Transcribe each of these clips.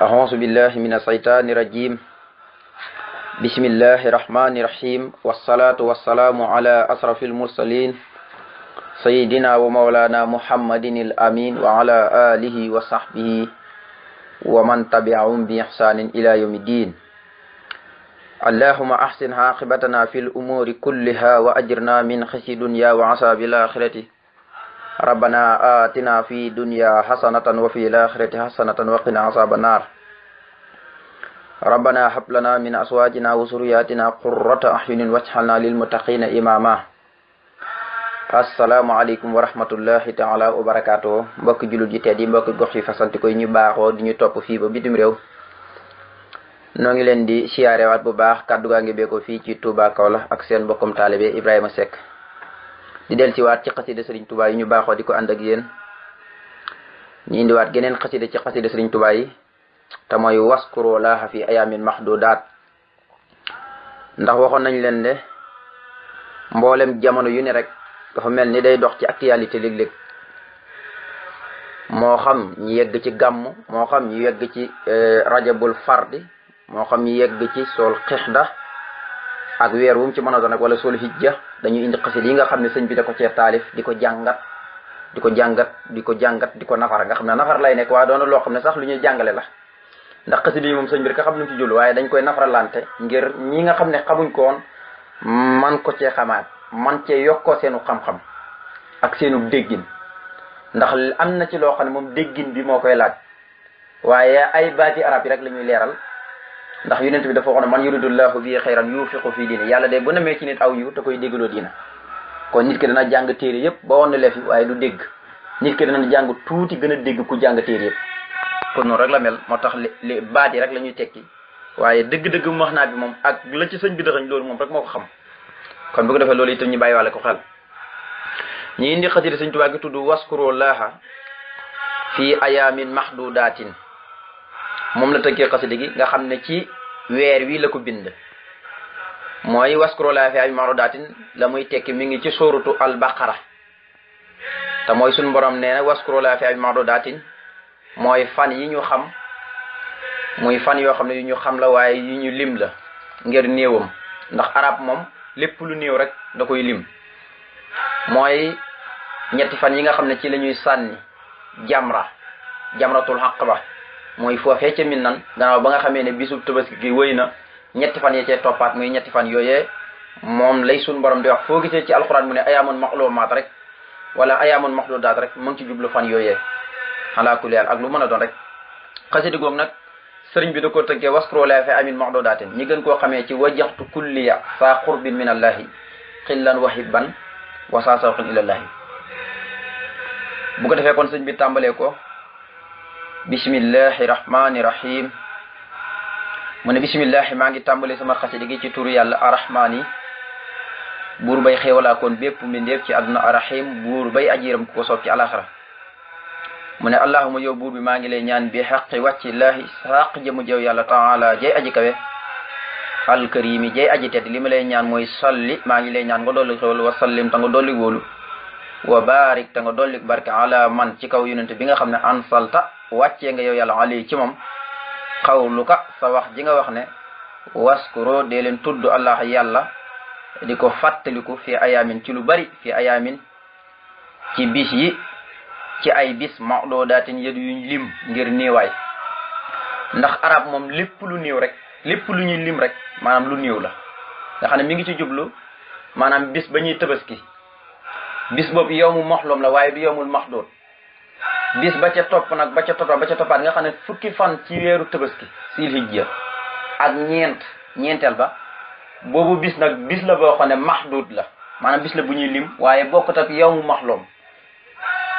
أعوذ بالله من الشيطان الرجيم بسم الله الرحمن الرحيم والصلاة والسلام على أشرف المرسلين سيدنا ومولانا محمد الأمين وعلى آله وصحبه ومن تبعهم بإحسان إلى يوم الدين اللهم أحسن عاقبتنا في الأمور كلها وأجرنا من خزي الدنيا وعذاب الآخرة rabbana atina fi dunya hasanatan wa fi laxirati hasanatan wa qina asaba annar rabbana hab min aswajina wa qurrata ahyunin waj'alna lilmuttaqina imama asalaamaaleykum wa rahmatullahi taala wa barakaatu mbokki jullit yi tedd yi mbokki gox koy ñu baaxoo di ñu topp fii ba bitim réew noo ngi leen di siyaarewaat bu baax kàddu gaa ngi beeko fii ci Touba Kaolack ak seen mbokkum taalibe Ibrahima Seck di del siwaat ci xasida sëriñ tubaa yi ñu baaxoo di ko ànd ak yéen ñu indiwaat geneen xasida ci xasida sëriñ tubaa yi te mooy waskuro laaha fi doo maxdudaat ndax waxoon nañ leen ne mboolem jamono yu ne rek dafa mel ni day dox ci actualité léeg-léeg moo xam ñu yegg ci gàmm moo xam ñu yegg ci euh, rajabul fardi moo xam ñu yegg ci sol da ak weer wu ci mën a doon nag wala sol hijja dañuy indi xasida yi nga xam ne sëñ bi da ko cee taalif di ko jàngat di ko jàngat di ko jàngat di ko nafar nga xam ne nafar lay nekk waa doona loo xam ne sax lu ñuy jàngale la ndax xasida yi moom sëñ bi rek xam ne ci jul waaye dañ koy nafaralante ngir ñi nga xam ne xamuñ ko woon man ko cee xamaan man cee yokkoo seenu xam-xam ak seenu déggin ndax am na ci loo xam ne moom déggin bi moo koy laaj waaye ay baati arab yi rek la ñuy leeral ndax yonent bi dafa wax ne man yuridullahu bi xayran yufiqu fi diine yàlla day bu namee ci nit aw yu te koy déggaloo diina kon nit ki dana jàng téere yëpp ba woon na leef waaye du dégg nit ki dana jàng tuuti gën a dégg ku jàng téere yëpp pour noonu rek la mel moo tax li baat yi rek la ñuy tekki waaye dëgg-dëgg max naa bi moom ak la ci sëñ bi dëxañ loolu moom rek moo xam kon bu ko defee loolu itam ñu bàyyi wàlle ko xel ñi indi xasida sëñ Tuubaa gi tudd waskuro laaha fii ayaamin mahdudatin moom la tëggee xasida gi nga xam ne weer wi la ko bind mooy waskurulaa fi ay marudaatin la muy tekk mi ngi ci suuratu albaqara te mooy suñ borom nee na waskurulaa fi ay daatin mooy fan yi ñu xam muy fan yoo xam ne yu ñu xam la waaye yu ñu lim la ngir néewam ndax arab moom lépp lu néew rek da koy lim mooy ñetti fan yi nga xam ne ci lañuy sànni jamra jamratul xaq ba mooy foofee ca min nan gannaaw ba nga xamee ne bisub tabaski gi wëy na ñetti fan ya cee toppaat muy ñetti fan yooye moom lay suñ borom di wax foo gisee ci alxuraan mu ne ayaamun maxluumaat rek wala ayaamun maxdudaat rek mu ngi ci jublu fan yooyee xalaa kulli haal ak lu mën a doon rek xasidi goog nag sëriñ bi da ko tëggee waskroola fi amin maxdudaatin ñi gën koo xamee ci wajaxtu kulliya saa xurbin min allahi xillan wahibban wasaa sawqin ilallahi bu ko defee kon sëriñ bi tàmbalee ko bismillahi rahmaani rahim mu ne bismillahi maa ngi tàmbali sama xasida gi ci turu yàlla arrahmaan yi buur bay xéewalaakoon bépp mbindeef ci àdduna arrahim buur bay ajiram ku ko soob ci alaxira mu ne allahuma yow buur bi maa ngi lay ñaan bi xaqi wàcci laahi saq jëmu jëw yàlla taala jay aji kawe alkarimi jay aji tedd li ma lay ñaan mooy salli maa ngi lay ñaan nga dolli xéewal wa sallim ta nga dolli wóolu wa baarik ta nga dolli barke man ci kaw yonente bi nga xam ne ansalta wàccee nga yow yàlla ali ci moom xawluka sa wax ji nga wax ne waskuro dee leen tudd allah yàlla di ko fàttaliku fi ayaamin ci lu bari fi ayaamin ci bis yi ci ay bis mawdoo daatin yët yuñ lim ngir niiwaay ndax arab moom lépp lu niiw rek lépp lu ñuy lim rek maanaam lu niiw la nga xam ne mi ngi ci jublu maanaam bis ba ñuy tëbaski bis boobu yow mu moxloom la waaye du yowmul maxdoot bis ba ca topp nag ba ca toppa ba ca toppaat nga xam ne fukki fan ci weeru tabaski sil hijja ak ñeent ñeenteel ba boobu bis nag bis la boo xam ne maxduud la maanaam bis la bu ñuy lim waaye bokkut ak yow mu maxloom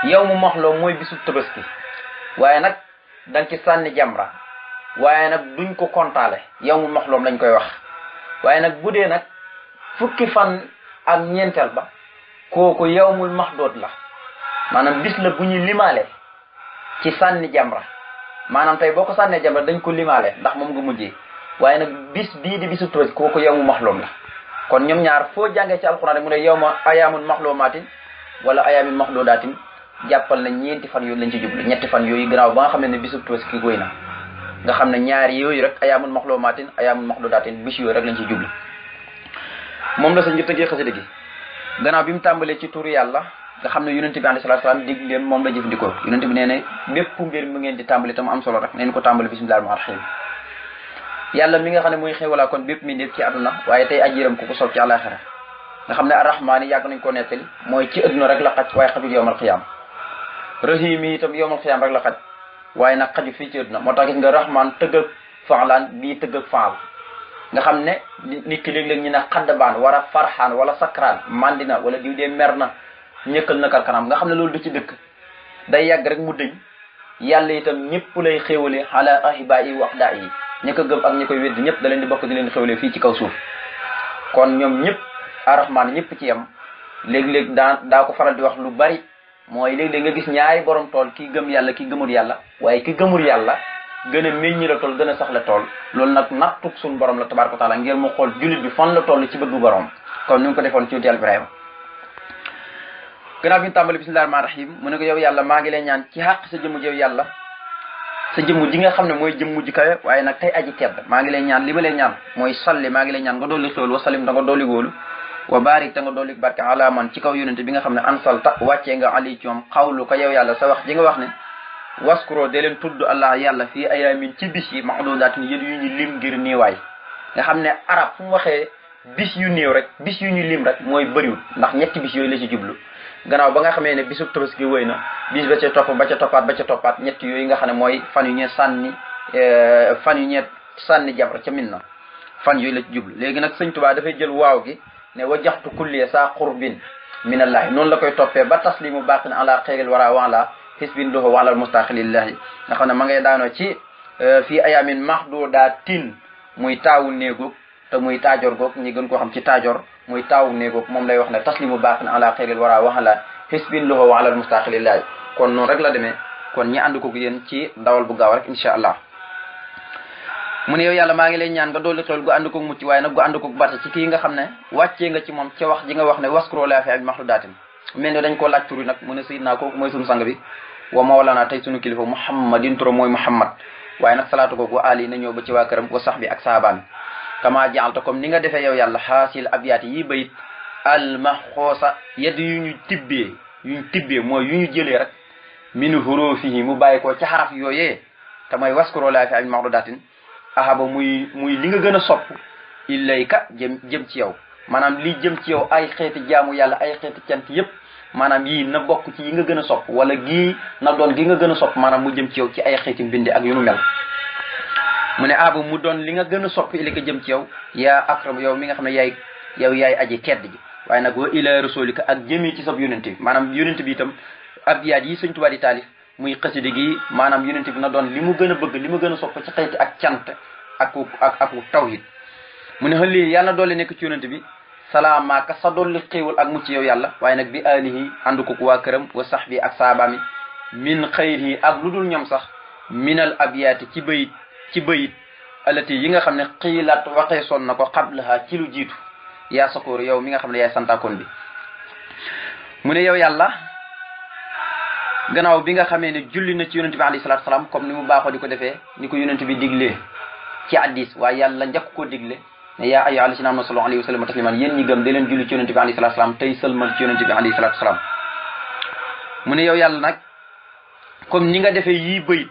yow mu maxloom mooy bisu tabaski waaye nag dañ ci sànni jamra waaye nag duñ ko kontaale yow mu maxloom lañ koy wax waaye nag bu dee nag fukki fan ak ñeenteel ba kooku yawmul maxdood la maanaam bis la bu ñuy limaale ci sànni jamra maanaam tey boo ko sànnee jamra dañ ko limaale ndax moom nga mujjee waaye nag bis bii di bisu tëj kooku yawmu maxluum la kon ñoom ñaar foo jàngee ci alxuraan rek mu ne yawma ayaamun maxluumaatin wala ayaamin maxduudaatin jàppal na ñeenti fan yooyu lañ ci jublu ñetti fan yooyu gannaaw ba nga xam ne bisu tëj ki goy na nga xam ne ñaar yooyu rek ayaamun maxluumaatin ayaamun maxduudaatin bis yooyu rek lañ ci jublu moom la sa njëkk tëjee xasida gi gannaaw bi mu tàmbalee ci turu yàlla nga xam ne yonent bi alayhi salaatu salaam dig leen moom la jëfandikoo yonent bi nee na bépp mbir mu ngeen di tàmbali tam am solo rek neen ko tàmbali bismillaahi rahmaani rahiim yàlla mi nga xam ne muy xewalaa kon bépp mi ndéef ci àdduna waaye tey ajiram ku ko soob ci àllaaxira nga xam ne arrahmaani yàgg nañ ko nettali mooy ci àdduna rek la xaj waaye xajul yowmal xiyaam rahim yi itam yowmal xiyaam rek la xaj waaye nag xaju fii ci àdduna moo tax gis nga rahmaan tëgg ak faalaan bii tëgg ak faal nga xam ne nit ki léeg-léeg ñu ne xaddabaan wala farxaan wala sakraan mandina wala diw dee mer na ñëkkal na kar kanam nga xam ne loolu du ci dëkk day yàgg rek mu dëñ yàlla itam ñëpp lay xéwale a ahiba yi wax daa yi ñi ko gëm ak ñi koy wedd ñëpp da leen di bokk di leen xéwale fii ci kaw suuf kon ñoom ñëpp arrahman ñëpp ci yem léeg-léeg daa daa ko faral di wax lu bari mooy léeg-léeg nga gis ñaari borom tool kii gëm yàlla kii gëmul yàlla waaye ki gëmul yàlla gën a meññi la tool gën a sax la tool loolu nag nattuk suñu borom la tabaraka taala ngir mu xool bi fan la toll ci bëgg borom kon ñu ngi ko defoon ci yàlla Ibrahima gannaaw bi tambali tàmbali bismillahi rahmaani rahim mu ne ko yow yàlla maa ngi lay ñaan ci xàq sa jëmmu yow yàlla sa jëmmu ji nga xam ne mooy jëmmu ji kawe waaye nag tey aji tedd maa ngi lay ñaan li ma lay ñaan mooy salli maa ngi lay ñaan nga dolli xéwal wa salim da nga dolli góolu wa barik te nga dolli barke ala man ci kaw yonente bi nga xam ne ansal ta wàccee nga ali ci moom xawlu ko yow yàlla sa wax ji nga wax ne waskuro de leen tudd allah yàlla fii ayaamin ci bis yi maxdudaat ni yéen yu ñu lim ngir niiwaay nga xam ne arab fu mu waxee bis yu néew rek bis yu ñu lim rek mooy bëriwul ndax ñetti bis yooyu la ci jublu gannaaw ba nga xamee ne bisub tabaski wëy na bis ba ca topp ba ca toppaat ba ca toppaat ñett yooyu nga xam ne mooy fan yu ñee sànni euh, fan yu ñee sànni jabar ca min na fan yooyu la ci léegi nag sëñ tubaa dafay jël waaw gi ne wajaxtu kulliye saa qurbin minallahi noonu la koy toppee ba taslimu baqin ala xeyril wara wala xisbin doho walal mustaqilillahi nga xam ne ma ngay daanoo ci euh, fii ayamin mahduda tin muy taawul néegóog te muy taajoor goog ñi gën koo xam ci taajoor mooy taawu néegoog moom lay wax ne taslimu baax na ala xayril wara waxala xisbin loxo wa alal mustaqilillahi kon noonu rek la demee kon ñi ànd ko yéen ci dawal bu gaaw rek incha allah mu ne maa ngi lay ñaan nga dolli xel mucc waaye nag gu ànd koog barte ci kii nga xam ne wàccee nga ci moom ca wax ji nga wax ne waskuro laa fi ak maxludaatim mel ne dañ koo laaj tur yi nag mu ne sayid naa kooku mooy sunu sang bi wa mawlana tey sunu kilifa muhammadin turo mooy muhammad waaye nag salaatu kooku ali na ñëw ba ci waa këram wa sax bi ak saabaan kama jaxalta comme ni nga defee yow yàlla xaasil abyaat yi bayit almaxoosa yedd yu ñu tibbee yu ñu tibbee mooy yu ñu jëlee rek min hurufihi mu bàyyi ko ci xaraf yooyee te mooy waskuro laa fi añ maxdudatin ahaba muy muy li nga gën a sopp illayka jëm jëm ci yow maanaam li jëm ci yow ay xeeti jaamu yàlla ay xeeti cant yépp maanaam yii na bokk ci yi nga gën a sopp wala gii na doon gi nga gën a sopp maanaam mu jëm ci yow ci ay xeeti mbindi ak yu nu mel mu ne aabu mu doon li nga gën a sopp ili ka jëm ci yow yaa akram yow mi nga xam ne yaay yaw yaay aji tedd ji waaye nag wa ila rasulika ak jëmi ci sab yonent bi maanaam yonent bi itam abdiyaat yi sëñ Tuubaa di taalif muy xasida gi maanaam yonent bi na doon li mu gën a bëgg li mu gën a sopp ci xëyti ak cant ak ak ak tawhid mu ne xëlli yàlla na doole nekk ci yonent bi salaamaaka sa dolli xéewal ak mucc yow yàlla waaye nag bi aalihi ànd ko waa këram wa sax bi ak saabaami min xayri ak lu dul ñoom sax minal abiyaati ci bayit ci bayit alati yi nga xam ne xiilaat waxeesoon na ko xablaha ci lu jiitu yaa sakoor yow mi nga xam ne yaay santaakoon bi mu ne yow yàlla gannaaw bi nga xamee ne julli na ci yonent bi alayhi salaam comme ni mu baaxoo di ko defee ni ko yonent bi diglee ci addis waaye yàlla njëkk koo digle ne yaa ayyuhaa allaziina aamanu sallu alayhi wa sallimu tasliiman yéen ñi leen julli ci yonent bi alayhi salaatu salaam tey sëlmal ci yonent mu ne yow yàlla nag comme ni nga defee yii bëyit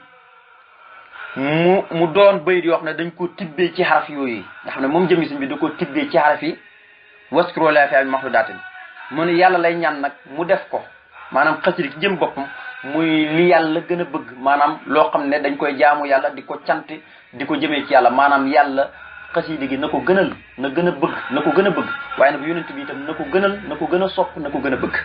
mu mu doon bayit yoo xam ne dañ ko tibbee ci xaraf yooyu nga xam ne moom jëmi suñ bi da ko tibbee ci xaraf yi waskuro la fi am maxtu daata bi mu ne yàlla lay ñaan nag mu def ko maanaam xasida ci jëm boppam muy li yàlla gën a bëgg maanaam loo xam ne dañ koy jaamu yàlla di ko cant di ko jëmee ci yàlla maanaam yàlla xasida gi na ko gënal na gën a bëgg na ko gën a bëgg waaye nag yonent bi itam na ko gënal na ko gën a sopp na ko gën a bëgg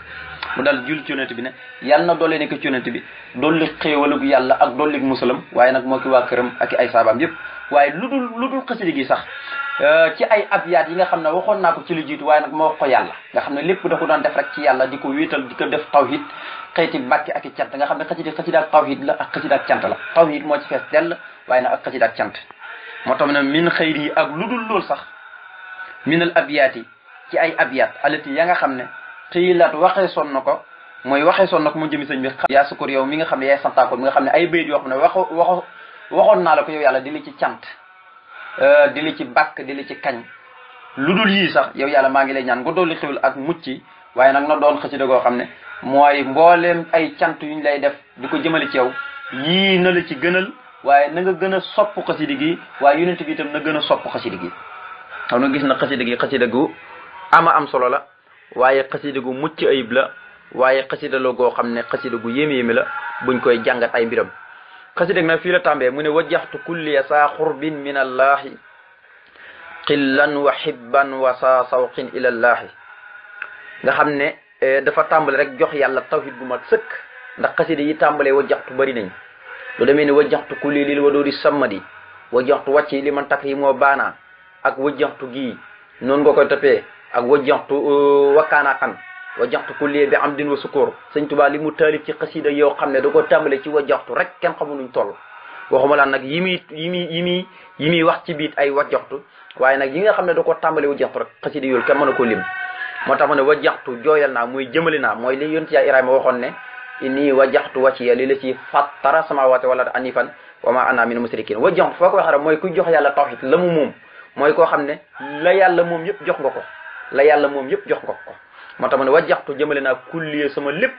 mu daal jul ci yonent bi ne yàlla na doole nekk ci yonent bi dolli xéewalug yàlla ak dolli musalam waaye nag moo ki waa këram ak i ay saabaam yëpp waaye lu dul lu dul xasida gi sax euh, ci ay abyaat yi nga xam ne waxoon naa ko ci lu jiitu waaye nag moo wax ko yàlla nga xam ne lépp da ko daan def rek ci yàlla di ko wéetal di ko def tawhid xeeti bàkki ak i cant nga xam ne xasida xasida ak tawhid la ak xasida ak cant la tawhid moo ci fees dell waaye nag ak xasida ak cant moo tax ne min xëyri yi ak lu dul lool sax minal abyaat yi ci ay abyaat alati ya nga xam ne xiilaat waxee son na ko mooy waxee son na ko mu jëmi sëñ bi mi nga xam ne yaay santaakoon mi nga xam ne ay bayit yoo xam ne wax wax waxoon naa la ko yow yàlla di li ci cant euh, di li ci bàkk di li ci kañ lu dul yii sax yow yàlla maa ngi lay ñaan nga dolli xiwul ak mucc waaye nag na doon xasida goo xam ne mooy mbooleem ay cant yu ñu lay def di ko jëmale ci yow yii na la ci gënal waaye na nga gën a sopp xasida gi waaye yonent bi itam na gën a sopp xasida gi xam nga gis na xasida gi xasida gu ama am solo la waaye xasida gu mucc ayib la waaye xasida la goo xam ne xasida gu yéeme-yéeme la buñ koy jàngat ay mbiram xasida nag fii la tàmbee mu ne wajjaxtu kulliya saa xurbin min allahi xillan wa xibban wa saa sawqin ilallaahi nga xam ne e, dafa tàmbale rek jox yàlla tawhid bu mat sëkk ndax xasida yi tàmbalee wajjaxtu bari nañ lu demee ni wajjaxtu kulli lil wadoodi sammadi wajjaxtu wàcc yi li man takk yi moo baanaa ak wajjaxtu gi noonu nga koy toppee ak wajjaxtu euh, wakkaanaa xan wajjaxtu kulliye bi am din wa sukóor sëñ tubaa li mu taalif ci xasida yoo xam ne da koo tàmbale ci wajjaxtu rek kenn xamu nuñ tol waxuma laan nag yi muy yi muy yi yi muy wax ci biit ay wajjaxtu waaye nag yi nga xam ne da koo tàmbale wajjaxtu rek xasida yoolu kenn mën a ko lim moo tax mu ne wajjaxtu jooyal naa muy jëmali naa mooy li yonti yaa ma waxoon ne inni wajjaxtu wacciya li la ci fattara samawati wala anifan wa ma ana min musrikin wajjaxtu foo ko waxee rek mooy ku jox yàlla tawxid la mu moom mooy koo xam ne yàlla moom yëpp jox nga ko la yàlla moom yëpp jox ko ko moo tax ma ne wajjaxtu jëmale naa kulliye sama lépp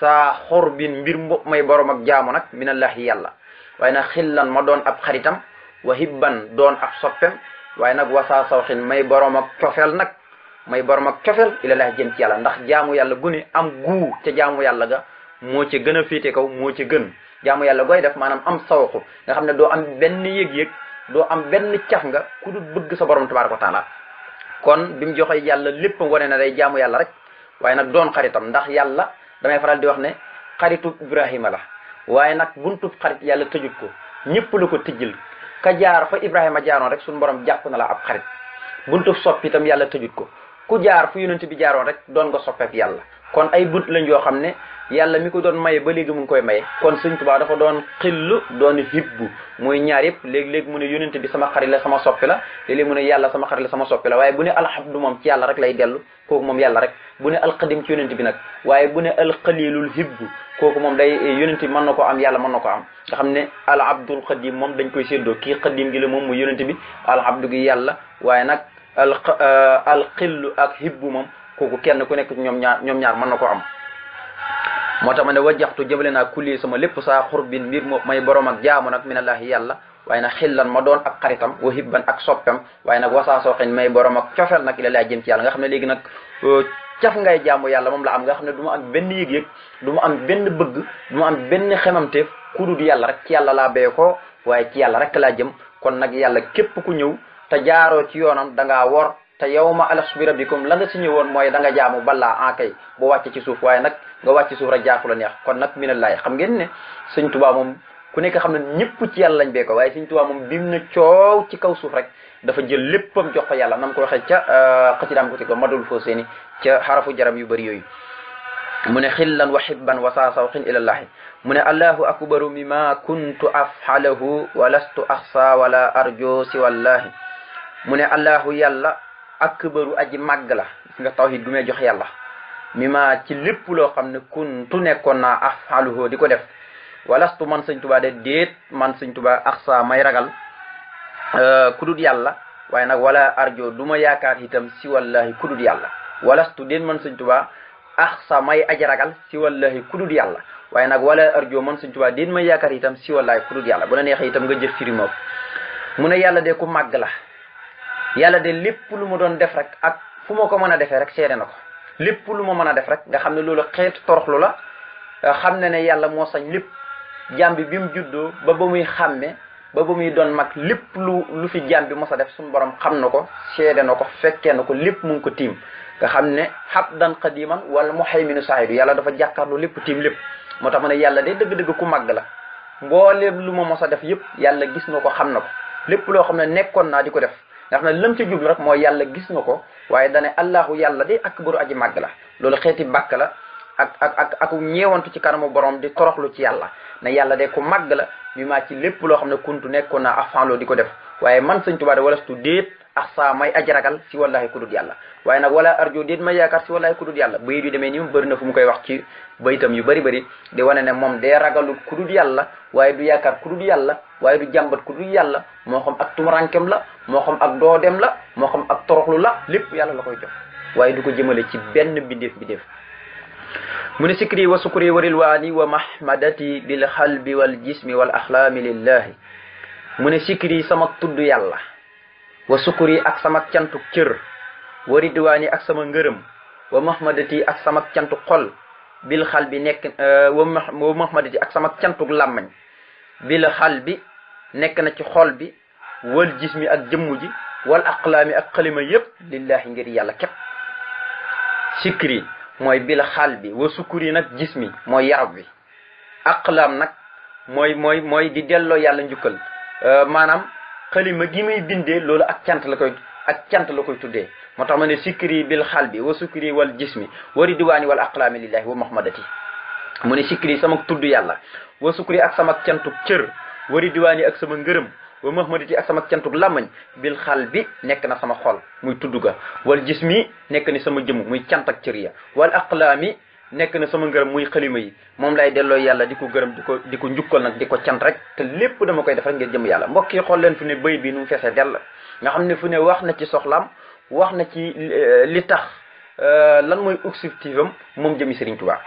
sa xor bin mbir mbopp may borom ak jaamu nag minallahi yàlla waaye nag xillan ma doon ab xaritam wa hibban doon ab soppem waaye nag wasaa sawxin may borom ak cofeel nag may borom ak cofeel ilallahi jëm ci yàlla ndax jaamu yàlla gune am gu ca jaamu yàlla ga moo ci gën a féete kaw moo ci gën jaamu yàlla gooy def maanaam am sawxu nga xam ne doo am benn yëg-yëg doo am benn caf nga ku dul bëgg sa borom tabaraka wa kon bi mu joxe yàlla lépp wane na day jaamu yàlla rek waaye nag doon xaritam ndax yàlla damay faral di wax ne xaritub Ibrahima la waaye nag buntub xarit yàlla tëjut ko ñëpp la ko tijjil ka jaar fa Ibrahima jaaroon rek suñu borom jàpp na la ab xarit buntu sopp yàlla tëjut ko ku jaar fu yonent bi jaaroon rek doon nga soppeeb yàlla kon ay bunt lañ yoo ne yàlla mi ko doon maye ba léegi mu ngi koy maye kon sëñ Tuubaa dafa doon xillu doon hibbu muy ñaar yëpp léeg-léeg mu ne yonent bi sama xarit la sama soppi la léeg-léeg mu yàlla sama xarit la sama soppi la waaye bu ne alxabdu moom ci rek lay dellu kooku moom yàlla rek bu ne alxadim ci yonent bi nag waaye bu ne alxalilul hibbu kooku moom day yonent bi mën na ko am yàlla mën na ko am nga xam ne alabdul xadim moom dañ koy séddoo kii xadim gi la moom mu yonent bi alabdu gi yàlla waaye nag al euh, alxillu ak hibbu moom kooku kenn ku nekk ñoom ñaar ñoom ñaar mën na ko am moo tax ma ne wajjaxtu jëmale naa kulli sama lépp saa xurbin a moo may borom ak jaamu nag minallahi yàlla waaye na xillan ma doon ak xaritam wa hibban ak soppam waaye nag wasaasoo xen may borom ak cofel nag ila laa jëm ci nga xam ne léegi nag euh, caf ngay jaamu yàlla moom la am nga xam ne du ma am benn yëg-yëg du ma am benn bëgg du ma am benn te ku du yàlla rek ci yàlla laa béy ko waaye ci yàlla rek laa jëm kon nag yàlla képp ku ñëw te jaaroo ci yoonam te yow ma alastu bi rabbikum la nga si ñëwoon mooy danga nga jaamu balaa bo ah, kay boo wàcce ci suuf waaye nag nga wàcc ci suuf rek jaaxu la neex kon nag minallaay xam ngeen ne sëñ Tuubaa moom ku nekk xam ne ñëpp ci yàlla lañ bee ko waaye sëñ Tuubaa moom bim na coow ci kaw suuf rek dafa jël léppam jox ko yàlla nam ko waxee ca euh, xëcidaam ko ci ko madul foo seeni ca xarafu jarab yu bëri yooyu mu ne xillan wa xibban wa saasawxin ilallahi mu ne allahu akbaru mima kuntu afxalahu wa lastu axsa wala arjo siwallahi mu ne allahu yàlla ak bëru aj màgg la gis nga tawhid gu may jox yàlla mi ma ci lépp loo xam ne kuntu nekkoon naa afaluhu di ko def walastu man sëñ tubaa de déet man sëñ tubaa axsa may ragal euh, kudut yàlla waaye nag wala arjo du ma yaakaar itam si wallahi kudut yàlla walastu déet man sëñ tubaa axsa may aji ragal si wallahi kudut yàlla waaye nag wala arjo man sëñ tubaa déet may yaakaar itam si wallahi kudut yàlla bu la neexee itam nga jëf firi moom mu ne yàlla de ku màgg la yàlla de lépp lu ma doon def rek ak fu ma ko mën a defee rek seede na ko lépp lu ma mën a def rek nga xam ne loolu xeetu toroxlu la euh, xam ne ne yàlla moo sañ lépp jaam bi mu juddoo ba ba muy xàmme ba ba muy doon mag lépp lu lu fi jaam bi mos a def suñu borom xam na ko seede na ko fekkee na ko lépp mu ko tiim nga xam ne xabdan qadiman wala muhayminu saahidu yàlla dafa jàkkaarloo lépp tiim lépp moo tax ma ne yàlla de dëgg-dëgg ku màgg la mbooleem lu ma mos a def yëpp yàlla gis na ko xam na ko lépp loo xam ne nekkoon naa di ko def nga xam ne lam ci jublu rek mooy yàlla gis na ko waaye dane allahu yàlla de ak di akbaru aji màgg la loolu xeeti bàkk la ak ak ak ak ñeewantu ci kanamu borom di toroxlu ci yàlla na yàlla de ku màgg la bi maa ci lépp loo xam ne kuntu nekkoon naa affanloo di ko def waaye man sëñ Tuubaa de walastu déet axsa may aj ragal si wallahi ku yàlla waaye nag wala arjo déet may yaakaar si wallahi ku dut yàlla bayit yu demee ni mu bëri na fu mu koy wax ci bayitam yu bëri bëri di wane ne moom dee ragalut ku dut yàlla waaye du yaakaar ku yàlla waaye du jàmbat ku dut yàlla moo xam ak tumurankem la moo xam ak doodem la moo xam ak toroxlu la lépp yàlla la koy jox waaye du ko jëmale ci benn bindéef bindéef mu ne sikri wa sukri wa rilwaani wa mahmadati lil xalbi wal jismi wal axlaami lillahi mu ne sikri sama tudd yàlla wa sukkur ak sama cantuk cër wa ridwaan yi ak sama ngërëm wa mahmadati yi ak sama cantuk xol bil xal bi nekk eh, wa wa mahmadati ak sama cantuk làmmañ bil xal bi nekk na ci xol bi wal jismi ak jëmmu ji wal aqlaami ak xalima yépp lillahi ngir yàlla képp sikir mooy bil xal bi wa sukkur yi nag jismi mooy yaram bi aqlaam nag mooy mooy mooy di delloo yàlla njukkal eh, maanaam xalima gi muy bindee loolu ak cant la koy ak cant la koy tuddee moo tax ma ne sikri bil xalbi wa sukri wal jismi wa ridwaani wal aqlaami lillahi wa mahmadati mu ne sikri sama tudd yàlla wa sukri ak sama cantuk cër wa ridwaani ak sama ngërëm wa mahmadati ak sama cantuk làmmañ bil bi nekk na sama xol muy tudd ga wal jismi nekk ni sama jëmm muy cant ak cër ya wal aqlaami nekk na sama ngërëm muy xalima yi moom lay delloo yàlla di ko gërëm di ko di ko nag di ko rek te lépp dama koy def rek ngir jëm yàlla mbokk yi xool leen fu ne béy bi nu mu feesee dell nga xam ne fu ne wax na ci soxlaam wax na ci euh, li tax euh, lan mooy objectif am moom jëmi Serigne Touba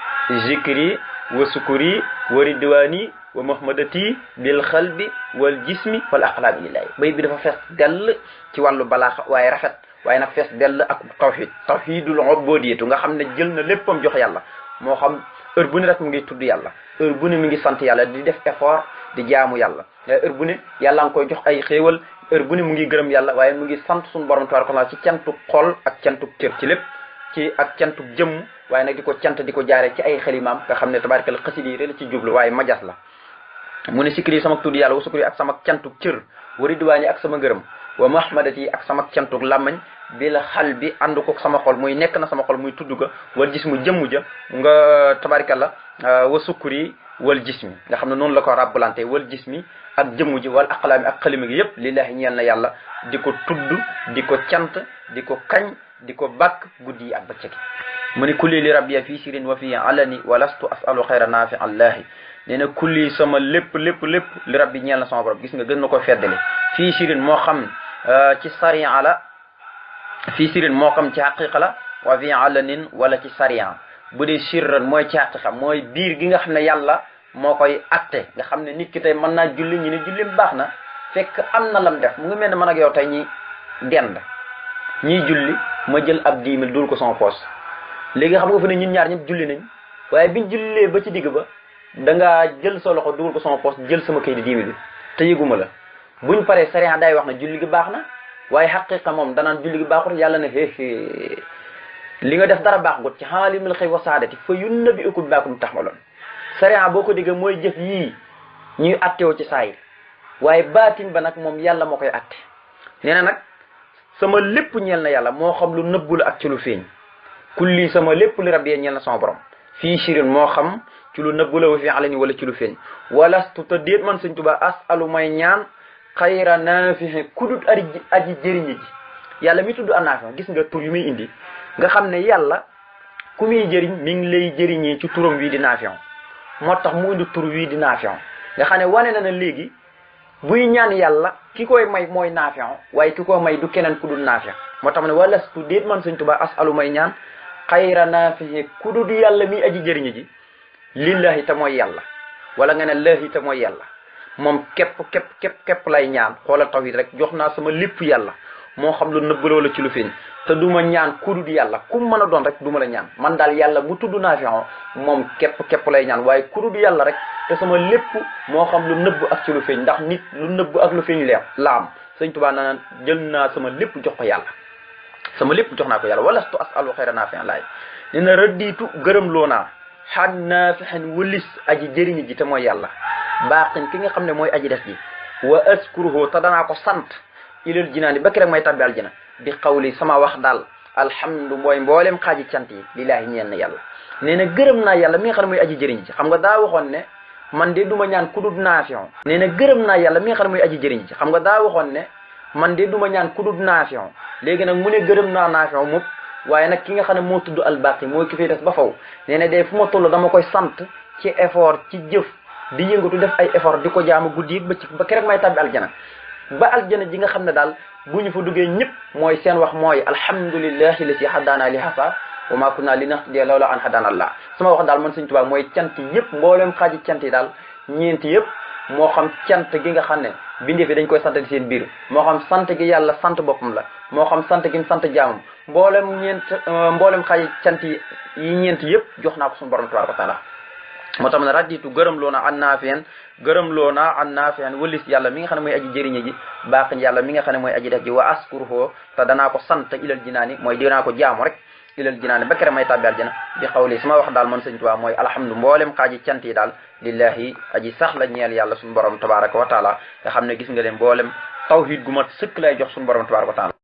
zikri wa sukuri wa ridwaani wa mahmadati bil xalbi wal jismi wal aqlaami lillahi béy bi dafa fees dell ci wàllu balaa waaye rafet waaye nag fees dell ak tawhid boo ubudiyatu nga xam ne jël na léppam jox yàlla moo xam heure bu ne rek mu ngi tudd yàlla heure bu ne mi ngi sant yàlla di def effort di jaamu yàlla eh, heure bu ne yàlla nga koy jox ay xéewal heure bu ne mu ngi gërëm yàlla waaye mu ngi sant suñu borom tabaaraka ci cantu xol ak cantu cër ci lépp ci ak cantu jëmm waaye nag di ko cant di ko jaare ci ay xelimaam nga xam ne tabaaraka xasida yi la ci jublu waaye majas la mu ne sikri sama tudd yàlla wa sukri ak sama cantu cër wari diwaani ak sama gërëm wa mahmadati ak sama cantuk làmmañ bil xal bi ànd ko sama xol muy nekk na sama xol muy tudd ga wal gis mu jëmm ja nga tabarikalla ah, wa sukkuri wal gis mi nga xam ne noonu la ko ràbbalante wal gis mi ak jëmm ji wal aqlaami ak xalima gi yépp lillahi ñeel na yàlla di ko tudd di ko cant di ko kañ di ko bak guddi yi ak bëccëg mu ne kulli li rabbiya fii sirin wa fii alani wa lastu asalu xayra naafi allahi nee kulli sama lépp lépp lépp li rabbi ñeel na sama borom gis nga gën na ko feddale Euh, ci sariya la fii sirin moo xam ci xaqiqa la waa fi alanin wala ci sariya bu dee sirran mooy ci xaqiqa mooy biir gi nga xam ne yàlla moo koy atte nga xam ne nit ki tey mën naa julli ñu ne jullim baax na fekk am na lam def mu ngi mel ne man ak yow tey ñi dend ñi julli ma jël ab dix mille dul ko sama poos léegi xam nga fi ne ñaar ñëpp julli nañ waaye biñ jullee ba ci digg ba da ngaa jël sa ko dugal ko sama poos jël sama kayit dix mille te la buñ paree sariya daay wax na julli gi baax na waaye xaqiqa moom danaan julli gi baaxul yàlla na xeexi li nga def dara baax gut ci li xaalimul xëy wa saadati fa yun nabi tax baakum taxmaloon sariya boo ko déggee mooy jëf yii ñuy attewoo ci saa yi waaye baatin ba nag moom yàlla moo koy atte nee nag sama lépp ñeel na yàlla moo xam lu nëbbul ak ci lu feeñ kulli sama lépp li rabbi ñeel na sama borom fii shirin moo xam ci lu nëbbula wa fi wala ci lu feeñ xayra naafihin kudut aji aji jëriñi ji yàlla mi tudd annaafi gis nga tur yu muy indi nga xam ne yàlla ku jëriñ mi ngi lay jëriñee ci turam wii di naafion moo tax mu indi tur wii di naafion nga xam ne wane na ne léegi buy ñaan yàlla ki koy may mooy naafion waaye ki koy may du keneen ku dul naafion moo tax mu ne walastu déet man ba tuba alu may ñaan xayra naafihi ku dul yàlla mi aji jëriñi ji lillahi te mooy yàlla wala nga ne laahi te mooy yàlla moom képp képp képp képp lay ñaan xoolal tawhid rek jox naa sama lépp yàlla moo xam lu nëbb la wala ci lu feeñ te du ma ñaan ku yàlla ku mën doon rek du ma la ñaan man daal yàlla bu tudd naafion moom képp képp lay ñaan waaye ku dul yàlla rek te sama lépp moo xam lu nëbb ak ci lu feeñ ndax nit lu nëbb ak lu feeñ leer laam sëñ Tuubaa naan jël naa sama lépp jox ko yàlla sama lépp jox naa ko yàlla walastu asalu xayra naafian laay na rëddiitu gërëm loo naa xaan naafian walis aji jëriñi ji te yàlla baaqin ki nga xam ne mooy aji def ji wa askuruhu te danaa ko sant ilal jinaani ba rek may tabbi aljina bi xawli sama wax daal alhamdu mooy mboolem xaaji cant yi lillaahi ñeen na yàlla nee na gërëm naa yàlla mi nga xam mooy aji jëriñ ji xam nga daa waxoon ne man de du ma ñaan ku dul naafion nee na gërëm naa yàlla mi nga xam mooy aji jëriñ ji ga daa waxoon ne man de du ma ñaan ku dul naafion léegi nag mu ne gërëm naa naafion moom waaye nag ki nga xam ne moo tudd albaqi mooy ki fay des ba faw nee na de dama koy sant ci effort ci jëf di yëngatu def ay effort di ko jaama guddi ba ci ba keroog may tàbbi aljana ba aljana ji nga xam ne daal bu ñu fa duggee ñëpp mooy seen wax mooy alhamdulillahi la si hadaana li hasa wa ma kunna li nahtadiya lawla an hadana allah sama wax daal man Sëriñ Tuubaa mooy cant yëpp mboolem xaaji cant yi daal ñeenti yëpp moo xam cant gi nga xam ne bindee fi dañ koy sant seen biir moo xam sant gi yàlla sant boppam la moo xam sant gi mu sant jaamam mboolem ñeent mboolem xaaji cant yi ñeent yëpp jox naa ko suñu borom tabaaraka wa taala moo tax mu ne raditu gërëm loo naa an naafeen gërëm loo naa an naafeen yàlla mi nga xam ne mooy aji jëriñe ji baaqin yàlla mi nga xam ne mooy aji def ji wa askuruhoo te danaa ko sant ilal jinaani mooy dinaa ko jaamu rek ilal jinaani ba kere may tàbbi aljana bi xawli sama wax daal man sëñ Tuubaa mooy alhamdu mboolem ka cant yi daal lillahi aji sax la ñeel yàlla suñu borom tabaraka wa taala nga xam ne gis nga leen mboolem tawhid gu mat sëkk lay jox suñu borom tabaraka wa taala